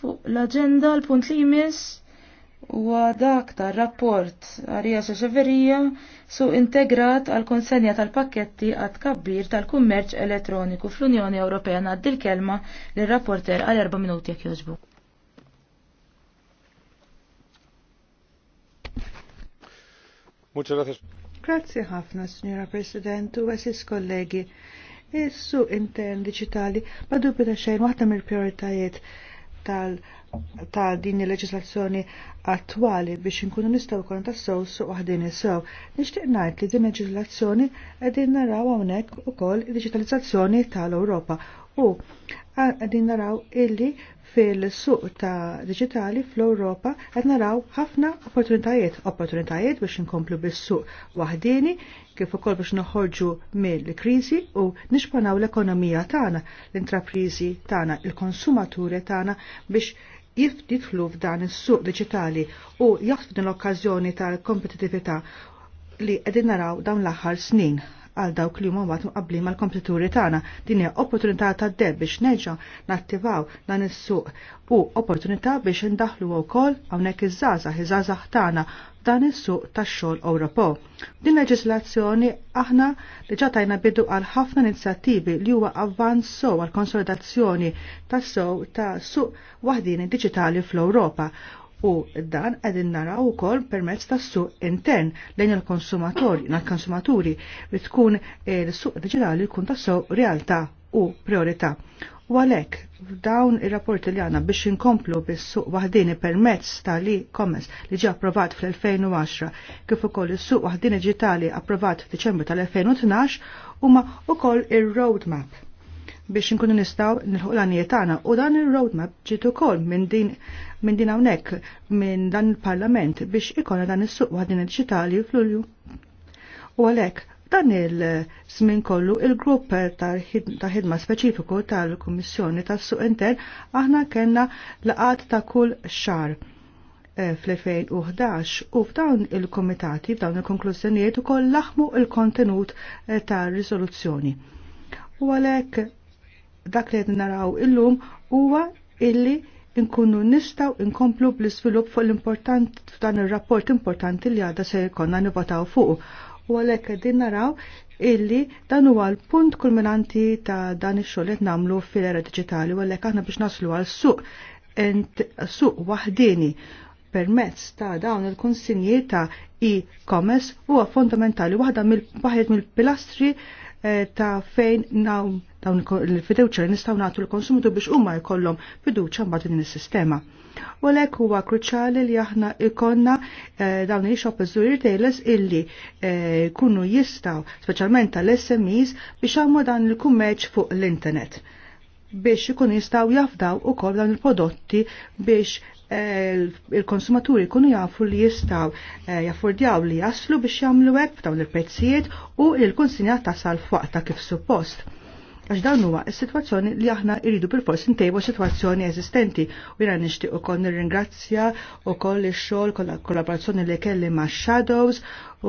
Fuq l-agenda l-punt li jmiss u dak ta' rapport għarija xeċeverija su integrat għal konsenja tal-pakketti għad kabbir tal-kummerċ elettroniku fl-Unjoni Ewropea dil kelma l-rapporter għal erba' minuti jek joġbu. Grazie ħafna, signora President, u għasis kollegi. Is-suq intern digitali ma dubbi ta' xejn waħda mill-prioritajiet tal ta' din il-leġislazzjoni attwali biex inkunu nistgħu kon tassew suq waħdin isew. Nixtieq ngħid li din il leġislazzjoni qegħdin naraw hawnhekk ukoll id-diġitalizzazzjoni tal-Ewropa u għadin naraw illi fil-suq ta' digitali fl-Europa għad naraw ħafna opportunitajiet, opportunitajiet biex nkomplu bis-suq wahdini kif ukoll biex noħorġu mill-kriżi u nixpanaw l-ekonomija tagħna, l-intrapriżi tagħna, il-konsumaturi tagħna biex jifditlu f'dan is-suq digitali u jaħsbu din l-okkażjoni tal-kompetitività li qegħdin naraw dawn l-aħħar snin għal dawk li huma mbagħad mqabbli mal-kompetituri tagħna. Din hija opportunità tad-deb biex neġa' nattivaw dan is-suq u opportunità biex indaħlu wkoll hawnhekk iż-żgħażagħ iż-żgħażagħ tagħna dan is-suq tax-xogħol Ewropew. Din leġislazzjoni aħna diġà tajna bidu għal ħafna inizjattivi li huwa avvanz sew għal konsolidazzjoni tas-sew ta' suq waħdini diġitali fl-Ewropa u dan għedin naraw u kol permezz ta' suq intern lejn il-konsumatori, konsumaturi li tkun il-suq digitali kun ta' su realtà u priorità. U għalek, dawn il-rapporti li għana biex inkomplu bis-suq wahdini permezz ta' li kommes li ġi approvat fl-2010 kif ukoll is-suq wahdini digitali approvat f'Diċembru tal-2012 huma ukoll ir-roadmap biex nkunu nistaw nilħuq l-għanijiet tagħna u dan il-roadmap ġiet ukoll minn din minn din hawnhekk minn dan il-Parlament biex ikolla dan is-suq din diġitali fl-Ulju. U għalhekk dan il-żmien kollu il-grupp ta' ħidma speċifiku tal-Kummissjoni tas-Suq Intern aħna kellna laqat ta' kull xar eh, fl-2011 u f'dawn il-komitati f'dawn il-konklużjonijiet ukoll laħmu il-kontenut eh, ta' riżoluzzjoni. U għalhekk dak li naraw illum huwa illi nkunu nistaw inkomplu bl-isvilupp fuq l-important dan ir-rapport importanti li għadha se jkollna nivotaw fuq. U għalhekk qegħdin naraw illi dan huwa l-punt kulminanti ta' dan ix-xogħol qed nagħmlu fil-era diġitali u għalhekk aħna biex naslu għal suq suq waħdini permezz ta' dawn il-konsinji ta' e-commerce huwa fondamentali waħda mill-pilastri mil Eh, ta' fejn naw dawn il-fiduċa li nistaw nagħtu l-konsumitu biex huma jkollhom fiduċa mbagħad din is-sistema. U għalhekk huwa kruċjali li aħna ikonna eh, dawn il-shoppers retailers illi jkunu eh, jistgħu speċjalment tal-SMEs biex għamu dan il-kummerċ fuq l-internet biex ikun jistaw jafdaw u kol dan il-prodotti biex Eh, il-konsumaturi kunu jafu li jistaw eh, jaffordjaw li jaslu biex jamlu hekk f'dawn il-prezzijiet u il-konsinja tasal ta' kif suppost. Għax dan huwa s-sitwazzjoni li aħna jridu bil ntejbu sitwazzjoni eżistenti u jira nixtieq ukoll nirringrazzja wkoll ix-xogħol kollaborazzjoni li kelli ma' Shadows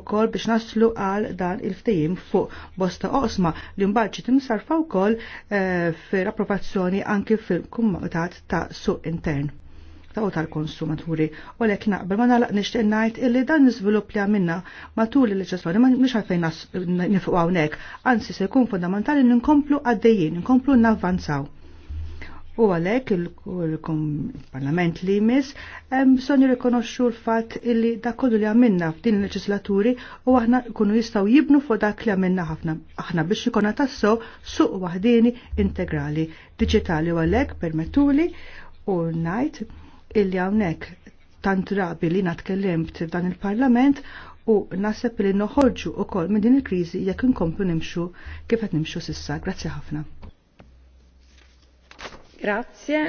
ukoll biex naslu għal dan il-ftehim fuq bosta oqsma li mbagħad ġiet imsarfa wkoll eh, fir-approvazzjoni anke fil kumutat ta' Suq Intern ta' u tal-konsumaturi. U lek naqbel ma nalaq nixtieq ngħid illi dan niżvilupp li għamilna matul il-leġislazzjoni ma nix għalfejn nifqgħu hawnhekk, anzi se jkun fundamentali ninkomplu għaddejjin, ninkomplu navvanzaw. U għalek il-parlament li jmiss bżonn jirrikonoxxu l-fatt illi dak kollu li għamilna f'din il-leġislaturi u aħna kunu jistgħu jibnu fuq dak li għamilna ħafna aħna biex ikun tassew suq waħdini integrali diġitali u għalhekk permettuli u ngħid illi hawnhekk tant rabi li natkellimt f'dan il-Parlament u naseb li noħorġu kol minn din il-kriżi jekk inkomplu nimxu kif qed nimxu sissa. Grazzi ħafna. Grazie.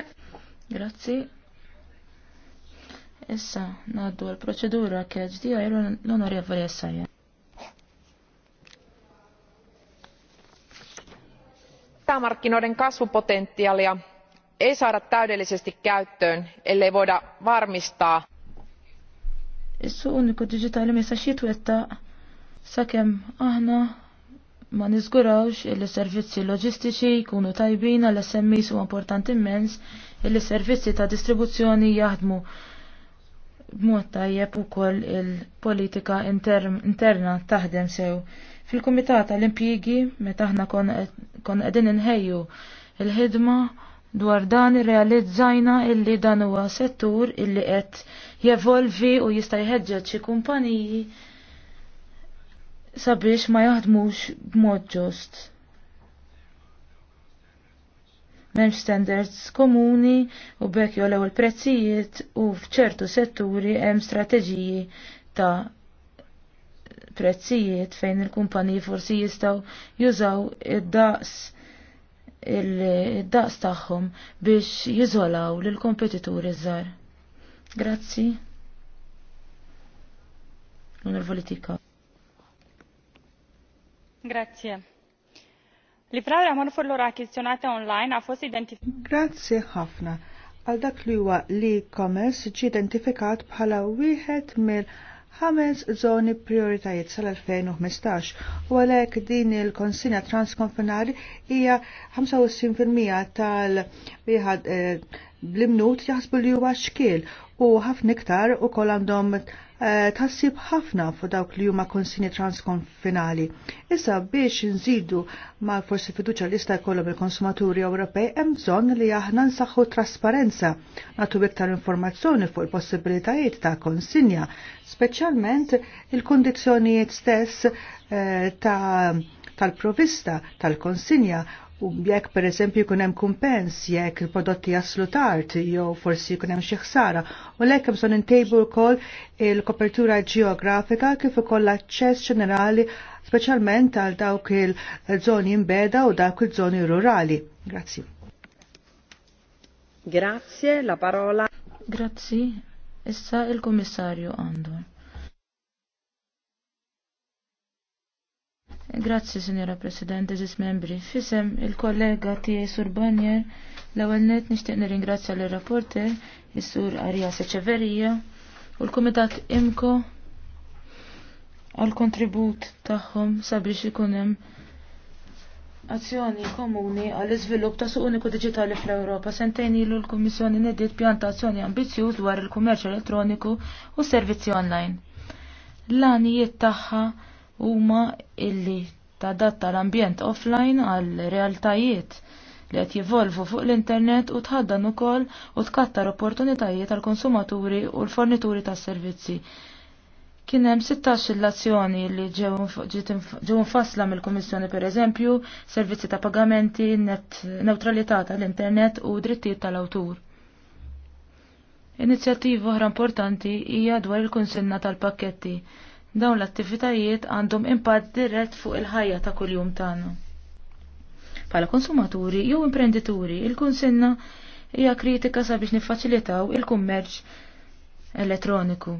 Grazzi. Issa naddu l-proċedura kieġ di l-onorevoli Essarja. Päämarkkinoiden kasvupotentiaalia ei saada täydellisesti käyttöön ellei voida varmistaa is uniku digitali ma jistax jitwettaq sakemm aħna ma niżgurawx il servizzi loġistiċi jkunu tajbin għal SMEs su importanti immens il servizzi ta' distribuzzjoni jaħdmu b'mod tajjeb ukoll il-politika interna taħdem sew. Fil-Kumitat tal-Impjigi meta aħna kon qegħdin inħejju il-ħidma il ħidma Dwar dan irrealizzajna illi dan huwa settur illi qed jevolvi u jista' jħeġġeġ xi kumpaniji sabiex ma jaħdmux b'mod ġust. M'hemmx standards komuni u bekk jolew il-prezzijiet u f'ċertu setturi hemm strateġiji ta' prezzijiet fejn il-kumpaniji forsi jistgħu jużaw id-daqs il-daqs tagħhom biex jiżolaw lil kompetituri żgħar. Grazzi. Onorevoli Tika. Grazie. l mărfurilor achiziționate online a fost identifikat. Grazie ħafna. Għal dak li huwa li commerce ġi identifikat bħala wieħed mill ħames zoni prioritajiet sal-2015 u għalhekk din il-konsinja transkonfinari hija 65% tal wieħed blimnut jaħsbu li huwa xkiel u ħafna iktar kol għandhom Eh, tassib ħafna fuq dawk li huma konsini transkonfinali. Issa biex nżidu ma forsi fiduċa li jista' jkollhom il-konsumaturi Ewropej hemm bżonn li aħna nsaħħu trasparenza, nagħtu iktar informazzjoni fuq il-possibilitajiet ta' konsinja, speċjalment il kundizzjonijiet stess eh, ta' tal-provista, tal-konsinja jekk per eżempju jkun hemm kumpens jekk il-prodotti jaslu tard jew forsi jkun hemm xi ħsara u lek bżonn intejbu wkoll il-kopertura ġeografika kif ukoll l aċċess ġenerali speċjalment għal dawk il-żoni imbeda u dawk il-żoni rurali. Grazzi. Grazie, la parola. Grazzi. Issa il-Kummissarju għandu. Grazzi, Signora President, eżis membri. Fisem il-kollega tiegħi Sur Banjer, l-ewwel net nixtieq nirringrazzja l rapporter is-Sur Seċeverija u l-Kumitat Imko għal kontribut tagħhom sabiex ikun hemm azzjoni komuni għall iżvilupp ta' su uniku Digitali fl-Ewropa. Sentejn ilu l-Kummissjoni nediet pjanta azzjoni ambizzjuż dwar il-kummerċ elettroniku u s servizzi online. L-għanijiet tagħha huma illi tadatta l-ambjent offline għal realtajiet li qed jivolvu fuq l-internet u tħaddan ukoll u tkattar opportunitajiet għal konsumaturi u l-fornituri tas servizzi. Kien hemm 16 l-azzjoni li ġew infassla mill-Kummissjoni pereżempju, servizzi ta' pagamenti, net neutralità tal-internet u drittijiet tal-awtur. Inizjattiva oħra importanti hija dwar il konsenna tal-pakketti Dawn l-attivitajiet għandhom impatt dirett fuq il-ħajja ta' kuljum tagħna. Bħala konsumaturi jew imprendituri, il-kunsinna hija kritika sabiex niffaċilitaw il-kummerċ elettroniku.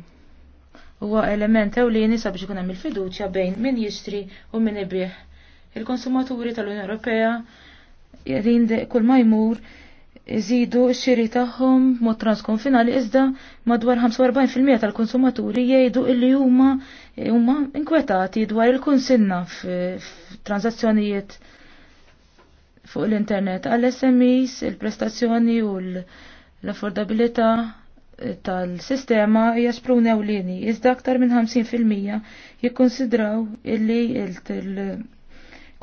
Huwa element ewlieni sabiex ikun hemm il-fiduċja bejn min jixtri u min ibih. Il-konsumaturi tal-Unjoni Ewropea jrin kull ma jmur iżidu x-xiri tagħhom mod transkonfinali iżda madwar 45% tal-konsumaturi jgħidu illi huma huma inkwetati dwar il-kunsinna f'transazzjonijiet fuq l-internet għall smis il-prestazzjoni u l-affordabilità tal-sistema hija spruna ewlieni iżda aktar minn 50% jikkonsidraw illi il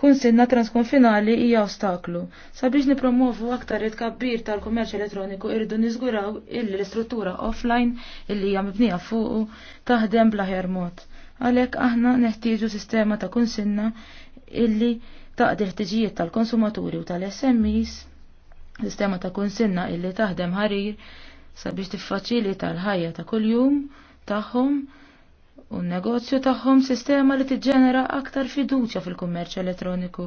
kun sinna transkonfinali hija ostaklu. Sabiex nipromovu aktar it-kabbir tal-kummerċ elettroniku irridu niżguraw illi l-istruttura offline illi hija mibnija fuqu taħdem bl-aħjar mod. Għalhekk aħna neħtieġu sistema ta' kunsinna illi taqdi ħtiġijiet tal-konsumaturi u tal-SMEs, sistema ta' kunsinna illi taħdem ħarir sabiex tiffaċili tal-ħajja ta' kuljum tagħhom u n-negozju tagħhom sistema li tiġġenera aktar fiduċja fil-kummerċ elettroniku.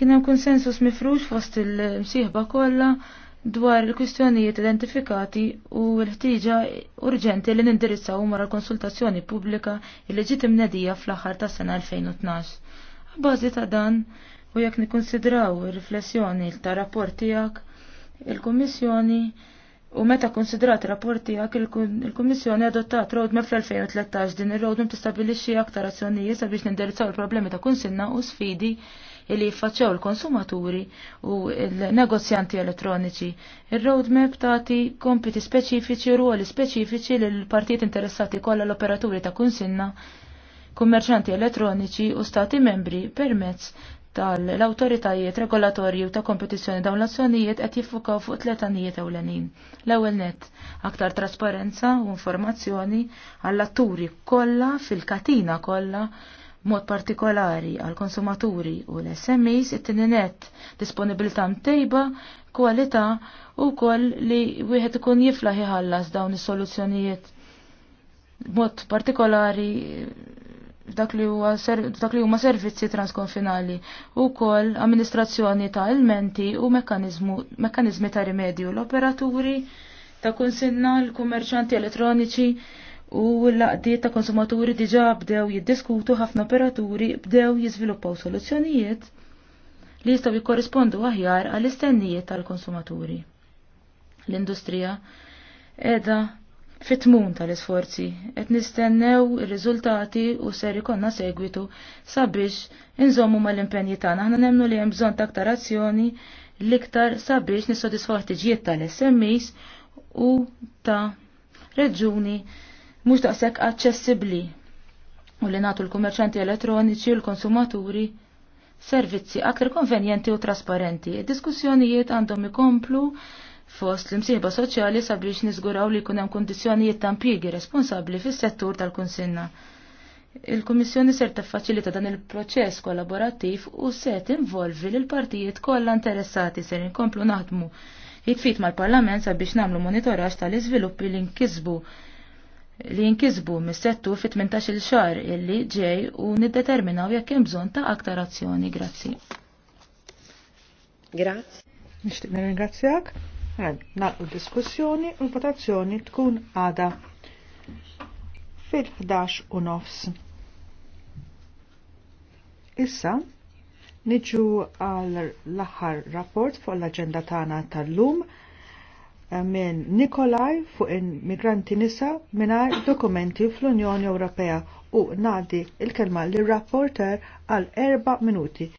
Kien hemm konsensus mifrux fost il-msieħba kollha dwar il-kwistjonijiet identifikati u l-ħtiġa urġenti li nindirizzaw mara konsultazzjoni pubblika li ġiet imnedija fl-aħħar tas sena 2012. Bażi ta' dan u jekk nikkonsidraw ir-riflessjoni ta' rapport tiegħek, il-Kummissjoni il kummissjoni U meta konsiderati rapporti għak il-Kommissjoni adottat roadmap fl-2013 din il-roadmap tistabilixxi aktar azzjonijiet sabiex nindirizzaw il-problemi ta' kunsinna u sfidi li jiffaċċaw il-konsumaturi u il-negozjanti elettroniċi. Il-roadmap tagħti kompiti speċifiċi u ruoli speċifiċi l partijiet interessati kollha l-operaturi ta' kunsinna kummerċanti elettroniċi u stati membri permezz tal-autoritajiet regolatorji u ta' kompetizzjoni dawn l-azzjonijiet qed jiffukaw fuq tletanijiet ewlenin. L-ewwel net aktar trasparenza u informazzjoni għall-atturi kollha fil-katina kollha mod partikolari għal konsumaturi u l-SMEs it-tieni net disponibilità mtejba, kwalità u koll li wieħed ikun jiflaħ ħallas dawn is-soluzzjonijiet mod partikolari dak li huma servizzi transkonfinali u kol amministrazzjoni ta' elmenti u mekkanizmi ta' rimedju l-operaturi ta' Konsinna l-kummerċanti elettroniċi u l-laqdiet ta' konsumaturi diġa bdew jiddiskutu ħafna operaturi bdew jiżviluppaw soluzzjonijiet li jistgħu jikkorrispondu aħjar għall-istennijiet tal-konsumaturi. L-industrija edha fit-tmun tal-isforzi, et nistennew ir-riżultati u ser ikonna segwitu sabiex inżommu mal-impenji tagħna. Aħna nemnu li hemm bżonn ta' aktar azzjoni l-iktar sabiex nissodisfaw ħtiġijiet tal-SMEs u ta' reġuni mhux daqshekk aċċessibbli u li nagħtu l-kummerċanti elettroniċi u l-konsumaturi servizzi aktar konvenjenti u trasparenti. Id-diskussjonijiet għandhom ikomplu fost l-imsieba soċjali sabiex niżguraw li jkun hemm kundizzjonijiet ta' impjiegi responsabbli fis-settur tal-kunsinna. il komissjoni ser tiffaċilita dan il-proċess kollaborattiv u se tinvolvi l partijiet kollha interessati ser inkomplu naħdmu jitfit mal-Parlament sabiex nagħmlu monitoraġġ tal-iżviluppi li nkisbu li jinkisbu mis-settur fi 18-il xahar illi ġej u niddeterminaw jekk hemm bżonn ta' aktar azzjoni. Grazzi. Grazzi. Nixtieq nirringrazzjak. Nalqu diskussjoni u l-votazzjoni tkun għada fil-11 u nofs. Issa, niġu għal l-aħħar rapport fuq l-agenda tagħna tal-lum eh, minn Nikolaj fuq il migranti nisa mingħajr dokumenti fl-Unjoni Ewropea u nadi il-kelma lir rapporter għal erba' minuti.